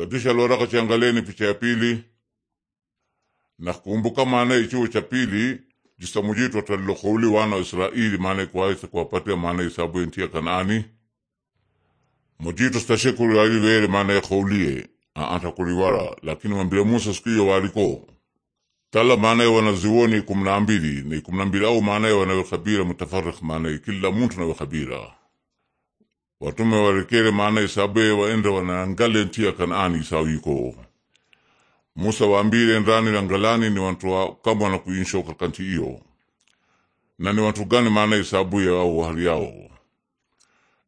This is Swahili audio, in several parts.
Badisha loraka chiangaleni picha ya pili na kumbuka maana ichiwo cha pili mujitu talilokouli wana wa Israili maana kwaisa kuwapatia maana isabu enti ya Kanaani mujito stashekulu alivere maana yakoulie aantakuriwara lakini mambira Musa siku hiyo waliko tala maana ya wanaziwoni kumi na mbili ni kumi na mbili au maana ya wanawekabira mutafarik maana kila muntu nawekhabira watume warekere maana isabe waende wanaangale nchi ya Kanaani isawiko Musa wambire ndani na ngalani ni wa kama wanakuinsha kakanti hiyo na ni watu gani maana isabu ya au hali yao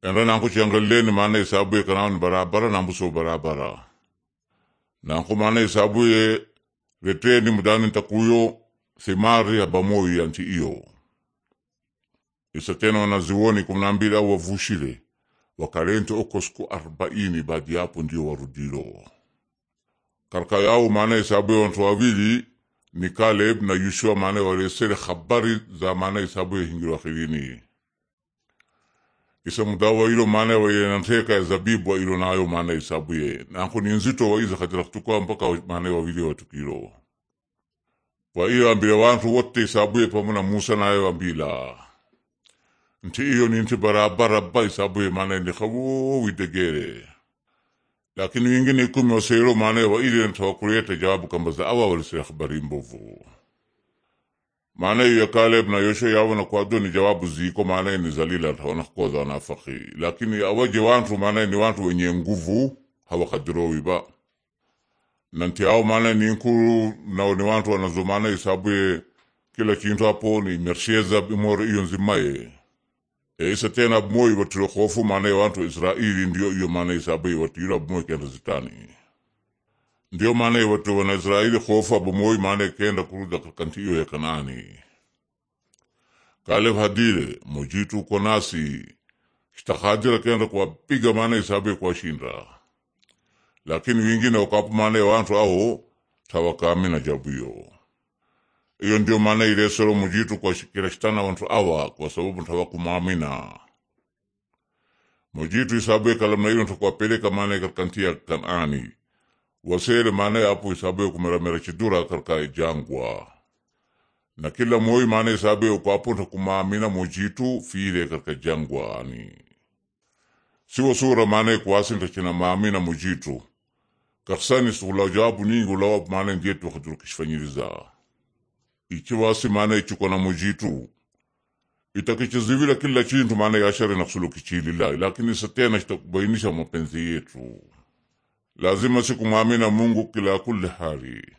enda nanku ni maana isabu ya Kanaani barabara na mbuso barabara nanku maana isabu ya reteni mudani takuyo thimari ya bamoi yanti hiyo isa tena wanaziwoni au wavushile wakalento uko siku arbaini baadi yapo ndio warudilo karka yao maana isabu wantu wavili ni Kaleb na Yushua maana walesere habari za maana isabu ya hingiro akhirini isa mudawa ilo maana wayenateka ya zabibu wa ilo nayo maana isabu ye nanko ni nzito waiza katira kutukua mpaka maana wawili watukilo kwa iyo ambile wantu wote isabu ye pamoja na Musa naye wambila nti iyo ni ninti barabara baisabuye maana ndikawowi degere lakini wengine kumi waseiro maana wa ili ntawakuleta jawabu kamba za awa walisira khabari mbovu mana ya Kaleb na Yoshua yawona kwado ni jawabu ziko maana ni zalila taona koza na faki lakini awaje wantu maana ni wantu wenye nguvu hawa hawakadirowi ba nanti ao maana ni nkuru na ni wantu wanazo mana wanazomana isabuye kila chintu hapo ni mersheza bimoro iyo nzimaye Isa tena abmoyi kofu hofu ya wantu Israeli ndio iyo maana isa abai watiro kenda zitani. Ndio maana watu wana Israeli hofu abmoyi maana kenda kuruda kakanti iyo ya Kanaani. kalev hadile mujitu kwa nasi shtakadira kenda kuwapiga maana isa abai kuwashinda. Lakini wingine wakapu maana wantu aho tawakamina jabu iyo iyo ndio maana ileselo mujitu kwashikila shitana wantu awa kwa sababu ntawakumwamina mujitu isabue kalamna ilo ntakuwapeleka maana katika nti ya Kanaani wasele maana apo isabue kumeramera chidura katika jangwa na kila moi maana isabue ukwapo ntakumwamina mujitu file katika jangwani siwo sura maana kuwasi ntakina maamina mujitu kaksani sulajabu ningi ulawapu maana ndiye twakajurukishfanyiriza ichiwasi maana ichikona mujitu itakichizivila kila chintu maana yashare na kusulukichilila lakini satena itakubainisha mapenzi yetu lazima sikumwamina Mungu kila kulli hali